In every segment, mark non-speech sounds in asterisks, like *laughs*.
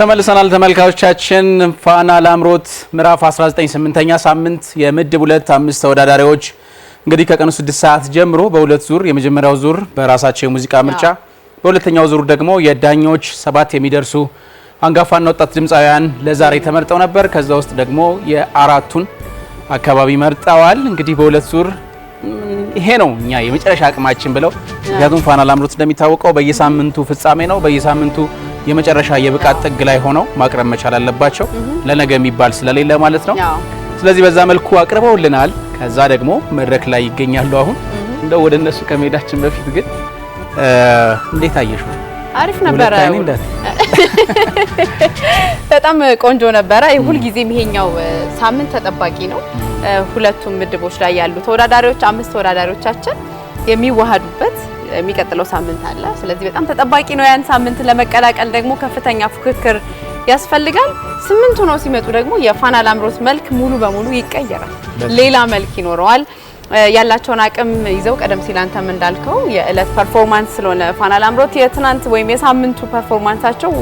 ተመልሰናል ተመልካዮቻችን። ፋና ላምሮት ምዕራፍ 19 8ኛ ሳምንት የምድብ ሁለት አምስት ተወዳዳሪዎች እንግዲህ ከቀኑ 6 ሰዓት ጀምሮ በሁለት ዙር የመጀመሪያው ዙር በራሳቸው የሙዚቃ ምርጫ፣ በሁለተኛው ዙር ደግሞ የዳኞች ሰባት የሚደርሱ አንጋፋና ወጣት ድምፃውያን ለዛሬ ተመርጠው ነበር። ከዛ ውስጥ ደግሞ የአራቱን አካባቢ መርጠዋል። እንግዲህ በሁለት ዙር ይሄ ነው እኛ የመጨረሻ አቅማችን ብለው ምክንያቱም ፋና ላምሮት እንደሚታወቀው በየሳምንቱ ፍጻሜ ነው በየሳምንቱ የመጨረሻ የብቃት ጥግ ላይ ሆነው ማቅረብ መቻል አለባቸው። ለነገ የሚባል ስለሌለ ማለት ነው። ስለዚህ በዛ መልኩ አቅርበውልናል። ከዛ ደግሞ መድረክ ላይ ይገኛሉ። አሁን እንደው ወደ እነሱ ከመሄዳችን በፊት ግን እንዴት አየሹ? አሪፍ ነበረ። *laughs* በጣም ቆንጆ ነበረ። ሁልጊዜ ይሄኛው ሳምንት ተጠባቂ ነው። ሁለቱም ምድቦች ላይ ያሉ ተወዳዳሪዎች አምስት ተወዳዳሪዎቻችን የሚዋሃዱበት የሚቀጥለው ሳምንት አለ። ስለዚህ በጣም ተጠባቂ ነው። ያን ሳምንት ለመቀላቀል ደግሞ ከፍተኛ ፉክክር ያስፈልጋል። ስምንት ሆነው ሲመጡ ደግሞ የፋና ላምሮት መልክ ሙሉ በሙሉ ይቀየራል፣ ሌላ መልክ ይኖረዋል። ያላቸውን አቅም ይዘው ቀደም ሲል አንተም እንዳልከው የእለት ፐርፎርማንስ ስለሆነ ፋና ላምሮት የትናንት ወይም የሳምንቱ ፐርፎርማንሳቸው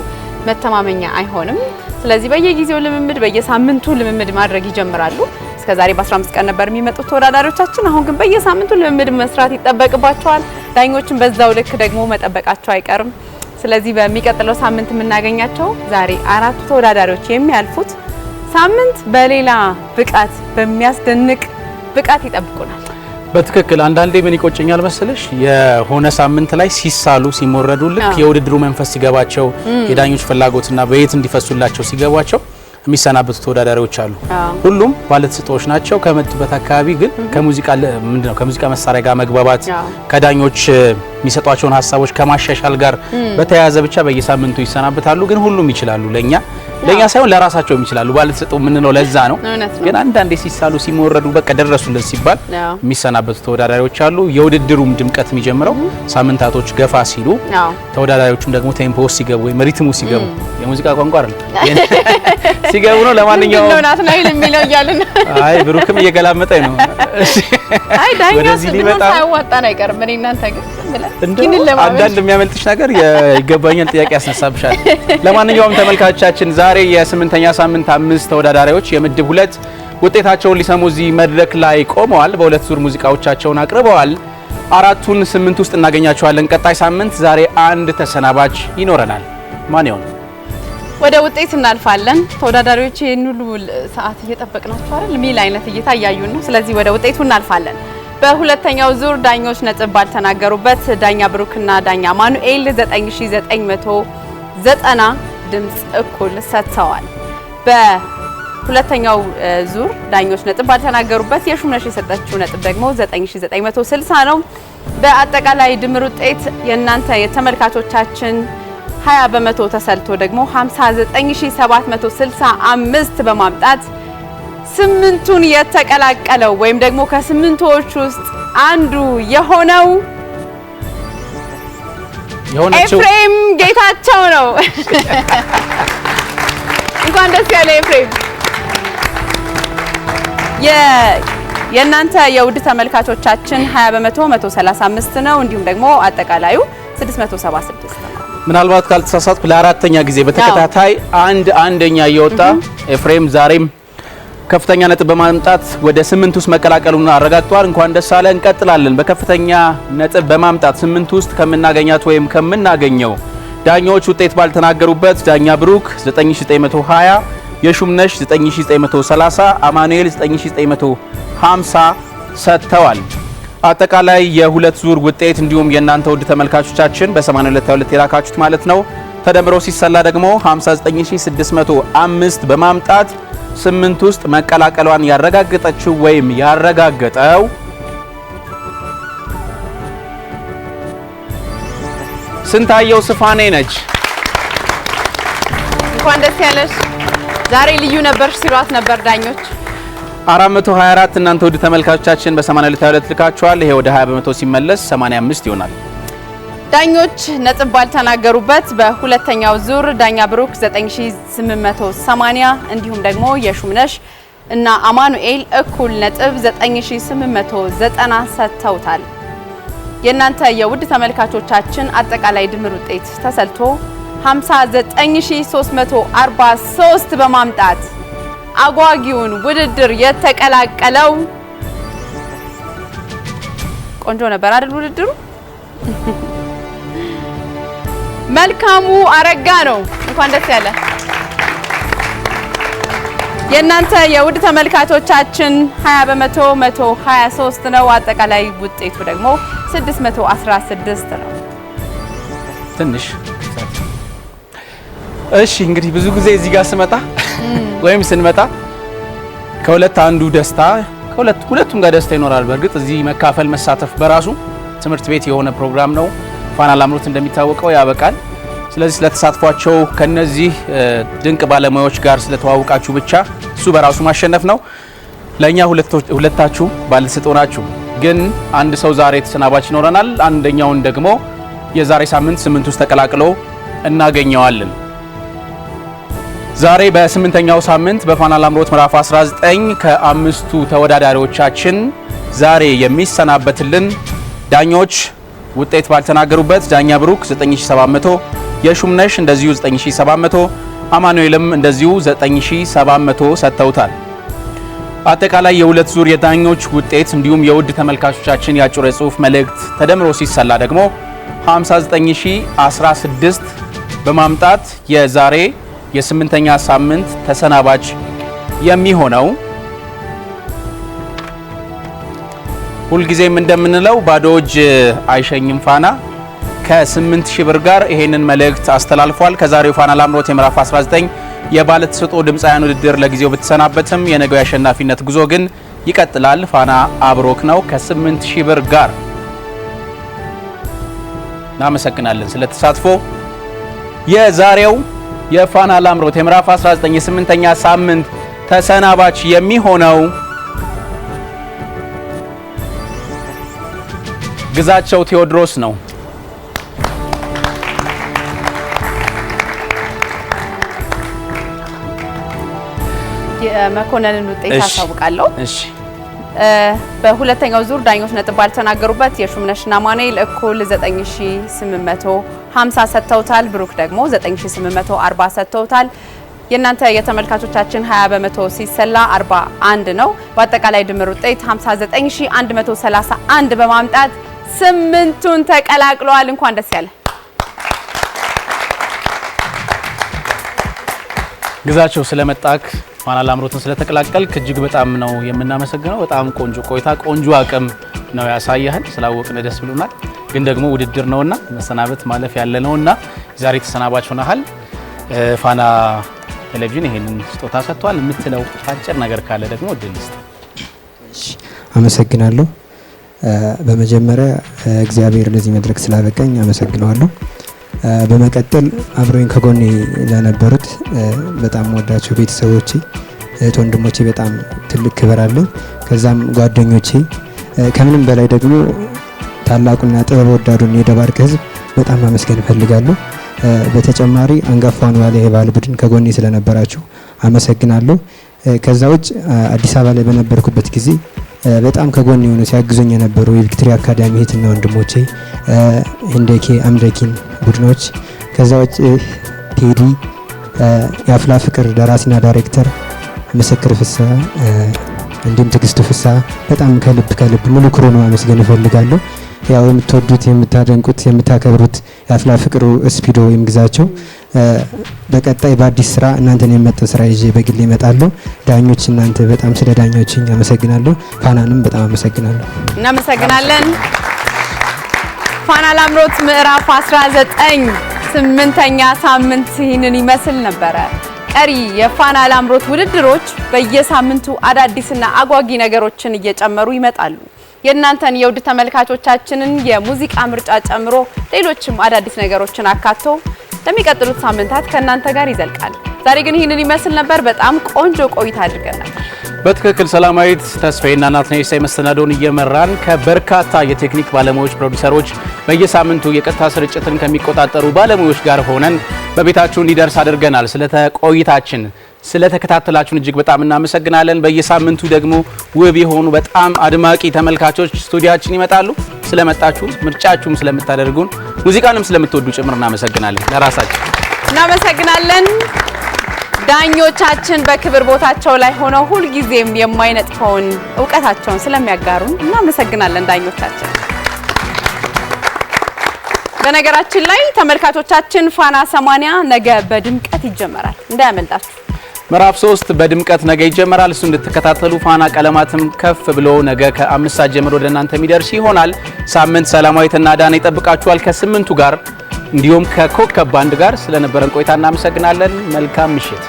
መተማመኛ አይሆንም። ስለዚህ በየጊዜው ልምምድ፣ በየሳምንቱ ልምምድ ማድረግ ይጀምራሉ። እስከዛሬ በ15 ቀን ነበር የሚመጡት ተወዳዳሪዎቻችን። አሁን ግን በየሳምንቱ ልምምድ መስራት ይጠበቅባቸዋል። ዳኞችን በዛው ልክ ደግሞ መጠበቃቸው አይቀርም። ስለዚህ በሚቀጥለው ሳምንት የምናገኛቸው ዛሬ አራቱ ተወዳዳሪዎች የሚያልፉት ሳምንት በሌላ ብቃት በሚያስደንቅ ብቃት ይጠብቁናል። በትክክል አንዳንዴ ምን ይቆጭኛል መሰለሽ፣ የሆነ ሳምንት ላይ ሲሳሉ ሲሞረዱ ልክ የውድድሩ መንፈስ ሲገባቸው የዳኞች ፍላጎትና በየት እንዲፈሱላቸው ሲገባቸው የሚሰናበቱ ተወዳዳሪዎች አሉ። ሁሉም ባለተሰጥኦዎች ናቸው። ከመጡበት አካባቢ ግን ከሙዚቃ ምንድነው ከሙዚቃ መሳሪያ ጋር መግባባት ከዳኞች የሚሰጧቸውን ሀሳቦች ከማሻሻል ጋር በተያያዘ ብቻ በየሳምንቱ ይሰናብታሉ። ግን ሁሉም ይችላሉ። ለእኛ ለእኛ ሳይሆን ለራሳቸውም ይችላሉ። ባለተሰጡ የምንለው ለዛ ነው። ግን አንዳንዴ ሲሳሉ ሲሞረዱ፣ በቃ ደረሱልን ሲባል የሚሰናበቱ ተወዳዳሪዎች አሉ። የውድድሩም ድምቀት የሚጀምረው ሳምንታቶች ገፋ ሲሉ ተወዳዳሪዎቹም ደግሞ ቴምፖ ሲገቡ ወይም ሪትሙ ሲገቡ የሙዚቃ ቋንቋ አይደል *laughs* ሲገቡ ነው። ለማንኛውም ነው ይል የሚለው እያልን *laughs* አይ ብሩክም እየገላመጠኝ ነው። አይ ዳኛ ሳያዋጣን አይቀርም። እኔ እናንተ ግን አንዳንድ የሚያመልጥሽ ነገር የይገባኛል ጥያቄ ያስነሳብሻል። ለማንኛውም ተመልካቾቻችን ዛሬ የስምንተኛ ሳምንት አምስት ተወዳዳሪዎች የምድብ ሁለት ውጤታቸውን ሊሰሙ እዚህ መድረክ ላይ ቆመዋል። በሁለት ዙር ሙዚቃዎቻቸውን አቅርበዋል። አራቱን ስምንት ውስጥ እናገኛቸዋለን። ቀጣይ ሳምንት ዛሬ አንድ ተሰናባች ይኖረናል። ማን ይሆን? ወደ ውጤት እናልፋለን። ተወዳዳሪዎች ይህን ሁሉ ሰዓት እየጠበቅናቸው አይደል? ሚል አይነት እይታ እያዩን ነው። ስለዚህ ወደ ውጤቱ እናልፋለን። በሁለተኛው ዙር ዳኞች ነጥብ ባልተናገሩበት ዳኛ ብሩክና ዳኛ ማኑኤል 9990 ድምፅ እኩል ሰጥተዋል። በሁለተኛው ዙር ዳኞች ነጥብ ባልተናገሩበት የሹምነሽ የሰጠችው ነጥብ ደግሞ 9960 ነው። በአጠቃላይ ድምር ውጤት የእናንተ የተመልካቾቻችን 20 በመቶ ተሰልቶ ደግሞ 59765 በማምጣት ስምንቱን የተቀላቀለው ወይም ደግሞ ከስምንቶች ውስጥ አንዱ የሆነው ኤፍሬም ጌታቸው ነው። እንኳን ደስ ያለ ኤፍሬም። የእናንተ የውድ ተመልካቾቻችን 20 በመቶ 135 ነው። እንዲሁም ደግሞ አጠቃላዩ 676 ነው። ምናልባት ካልተሳሳትኩ ለአራተኛ ጊዜ በተከታታይ አንድ አንደኛ እየወጣ ኤፍሬም ዛሬም ከፍተኛ ነጥብ በማምጣት ወደ ስምንት ውስጥ መቀላቀሉን አረጋግጧል። እንኳን ደስ አለ። እንቀጥላለን። በከፍተኛ ነጥብ በማምጣት ስምንት ውስጥ ከምናገኛት ወይም ከምናገኘው ዳኛዎች ውጤት ባልተናገሩበት ዳኛ ብሩክ 9920፣ የሹምነሽ 9930፣ አማኑኤል 9950 ሰጥተዋል። አጠቃላይ የሁለት ዙር ውጤት እንዲሁም የእናንተ ውድ ተመልካቾቻችን በ8222 የላካችሁት ማለት ነው ተደምሮ ሲሰላ ደግሞ 59605 በማምጣት ስምንት ውስጥ መቀላቀሏን ያረጋገጠችው ወይም ያረጋገጠው ስንታየው ስፋኔ ነች። እንኳን ደስ ያለሽ። ዛሬ ልዩ ነበርሽ ሲሏት ነበር ዳኞች። 424 እናንተ ውድ ተመልካቾቻችን በ82 ልካችኋል። ይሄ ወደ 20 በመቶ ሲመለስ 85 ይሆናል። ዳኞች ነጥብ ባልተናገሩበት በሁለተኛው ዙር ዳኛ ብሩክ 9880 እንዲሁም ደግሞ የሹምነሽ እና አማኑኤል እኩል ነጥብ 9890 ሰጥተውታል። የእናንተ የውድ ተመልካቾቻችን አጠቃላይ ድምር ውጤት ተሰልቶ 59343 በማምጣት አጓጊውን ውድድር የተቀላቀለው ቆንጆ ነበር አይደል? ውድድሩ መልካሙ አረጋ ነው። እንኳን ደስ ያለ የእናንተ የውድ ተመልካቾቻችን 20 በመቶ 123 ነው። አጠቃላይ ውጤቱ ደግሞ 616 ነው። ትንሽ እሺ። እንግዲህ ብዙ ጊዜ እዚህ ጋር ስመጣ ወይም ስንመጣ ከሁለት አንዱ ደስታ ከሁለት ሁለቱም ጋር ደስታ ይኖራል። በእርግጥ እዚህ መካፈል መሳተፍ በራሱ ትምህርት ቤት የሆነ ፕሮግራም ነው። ፋና ላምሮት እንደሚታወቀው ያበቃል። ስለዚህ ስለተሳትፏቸው ከነዚህ ድንቅ ባለሙያዎች ጋር ስለተዋወቃችሁ ብቻ እሱ በራሱ ማሸነፍ ነው። ለእኛ ሁለታችሁ ባለስልጦ ናችሁ። ግን አንድ ሰው ዛሬ ተሰናባች ይኖረናል። አንደኛውን ደግሞ የዛሬ ሳምንት ስምንት ውስጥ ተቀላቅሎ እናገኘዋለን። ዛሬ በስምንተኛው ሳምንት በፋና ላምሮት ምዕራፍ 19 ከአምስቱ ተወዳዳሪዎቻችን ዛሬ የሚሰናበትልን ዳኞች ውጤት ባልተናገሩበት ዳኛ ብሩክ 9700፣ የሹምነሽ እንደዚሁ 9700፣ አማኑኤልም እንደዚሁ 9700 ሰጥተውታል። አጠቃላይ የሁለት ዙር የዳኞች ውጤት እንዲሁም የውድ ተመልካቾቻችን የአጭር የጽሑፍ መልእክት ተደምሮ ሲሰላ ደግሞ 59016 በማምጣት የዛሬ የስምንተኛ ሳምንት ተሰናባች የሚሆነው ሁልጊዜም እንደምንለው ባዶ እጅ አይሸኝም ፋና ከ 8000 ብር ጋር ይሄንን መልእክት አስተላልፏል። ከዛሬው ፋና ላምሮት የምዕራፍ 19 የባለ ተሰጥኦ ድምፃውያን ውድድር ለጊዜው ብትሰናበትም የነገው የአሸናፊነት ጉዞ ግን ይቀጥላል። ፋና አብሮክ ነው ከ8 ብር ጋር። እናመሰግናለን ስለተሳትፎ። የዛሬው የፋና ላምሮት የምዕራፍ 19 8 የ8ኛ ሳምንት ተሰናባች የሚሆነው ግዛቸው ቴዎድሮስ ነው። የመኮንንን ውጤት አሳውቃለሁ። እሺ። በሁለተኛው ዙር ዳኞች ነጥብ ባልተናገሩበት የሹምነሽና ማኔል እኩል 9850 ሰጥተውታል። ብሩክ ደግሞ 9840 ሰጥተውታል። የእናንተ የተመልካቾቻችን 20 በመቶ ሲሰላ 41 ነው። በአጠቃላይ ድምር ውጤት 59131 በማምጣት ስምንቱን ተቀላቅለዋል። እንኳን ደስ ያለ ግዛቸው ስለመጣክ ፋና ላምሮትን ስለተቀላቀልክ እጅግ በጣም ነው የምናመሰግነው። በጣም ቆንጆ ቆይታ፣ ቆንጆ አቅም ነው ያሳያህን። ስላወቅን ደስ ብሎናል። ግን ደግሞ ውድድር ነውና መሰናበት ማለፍ ያለ ነውና ዛሬ ተሰናባች ሆነሃል። ፋና ቴሌቪዥን ይሄንን ስጦታ ሰጥቷል። የምትለው አጭር ነገር ካለ ደግሞ እድል አመሰግናለሁ። በመጀመሪያ እግዚአብሔር ለዚህ መድረክ ስላበቀኝ አመሰግነዋለሁ። በመቀጠል አብረኝ ከጎኔ ለነበሩት በጣም ወዳቸው ቤተሰቦቼ፣ እህት ወንድሞቼ በጣም ትልቅ ክብር አለኝ። ከዛም ጓደኞቼ፣ ከምንም በላይ ደግሞ ታላቁና ጥበብ ወዳዱን የደባርቅ ሕዝብ በጣም አመስገን እፈልጋለሁ። በተጨማሪ አንጋፋውን ባለ የባህል ቡድን ከጎኔ ስለነበራችሁ አመሰግናለሁ። ከዛ ውጭ አዲስ አበባ ላይ በነበርኩበት ጊዜ በጣም ከጎን የሆነ ሲያግዙኝ የነበሩ የቪክቶሪያ አካዳሚ እህትና ወንድሞቼ ህንደኬ አምደኪን ቡድኖች፣ ከዛ ውጭ ቴዲ የአፍላ ፍቅር ደራሲና ዳይሬክተር ምስክር ፍሳ እንዲሁም ትግስቱ ፍሳ በጣም ከልብ ከልብ ሙሉ ነው አመስገን እፈልጋለሁ። ያው የምትወዱት የምታደንቁት፣ የምታከብሩት የአፍላ ፍቅሩ ስፒዶ ወይም ግዛቸው በቀጣይ በአዲስ ስራ እናንተን የመጠ ስራ ይዤ በግል ይመጣሉ ዳኞች እናንተ በጣም ስለ ዳኞችን አመሰግናለሁ። ፋናንም በጣም አመሰግናለሁ። እናመሰግናለን። ፋና ላምሮት ምዕራፍ 19 ስምንተኛ ሳምንት ይህንን ይመስል ነበረ። ቀሪ የፋና ላምሮት ውድድሮች በየሳምንቱ አዳዲስና አጓጊ ነገሮችን እየጨመሩ ይመጣሉ። የእናንተን የውድ ተመልካቾቻችንን የሙዚቃ ምርጫ ጨምሮ ሌሎችም አዳዲስ ነገሮችን አካቶ ለሚቀጥሉት ሳምንታት ከእናንተ ጋር ይዘልቃል። ዛሬ ግን ይህንን ይመስል ነበር። በጣም ቆንጆ ቆይታ አድርገናል። በትክክል ሰላማዊት ተስፋዬና ናትናኤል ሳይ መሰናዶውን እየመራን ከበርካታ የቴክኒክ ባለሙያዎች፣ ፕሮዲሰሮች በየሳምንቱ የቀጥታ ስርጭትን ከሚቆጣጠሩ ባለሙያዎች ጋር ሆነን በቤታችሁ እንዲደርስ አድርገናል። ስለተቆይታችን ቆይታችን ስለተከታተላችሁን እጅግ በጣም እናመሰግናለን። በየሳምንቱ ደግሞ ውብ የሆኑ በጣም አድማቂ ተመልካቾች ስቱዲያችን ይመጣሉ። ስለመጣችሁ ምርጫችሁም ስለምታደርጉን ሙዚቃንም ስለምትወዱ ጭምር እናመሰግናለን። ለራሳችን እናመሰግናለን። ዳኞቻችን በክብር ቦታቸው ላይ ሆነው ሁልጊዜም የማይነጥፈውን እውቀታቸውን ስለሚያጋሩን እናመሰግናለን ዳኞቻችን። በነገራችን ላይ ተመልካቾቻችን ፋና ሰማኒያ ነገ በድምቀት ይጀመራል፣ እንዳያመልጣችሁ። ምዕራፍ 3 በድምቀት ነገ ይጀመራል። እሱ እንድትከታተሉ ፋና ቀለማትም ከፍ ብሎ ነገ ከአምስት ሰዓት ጀምሮ ወደ እናንተ የሚደርስ ይሆናል። ሳምንት ሰላማዊትና ዳና ይጠብቃችኋል። ከስምንቱ ጋር እንዲሁም ከኮከብ ባንድ ጋር ስለነበረን ቆይታ እናመሰግናለን። መልካም ምሽት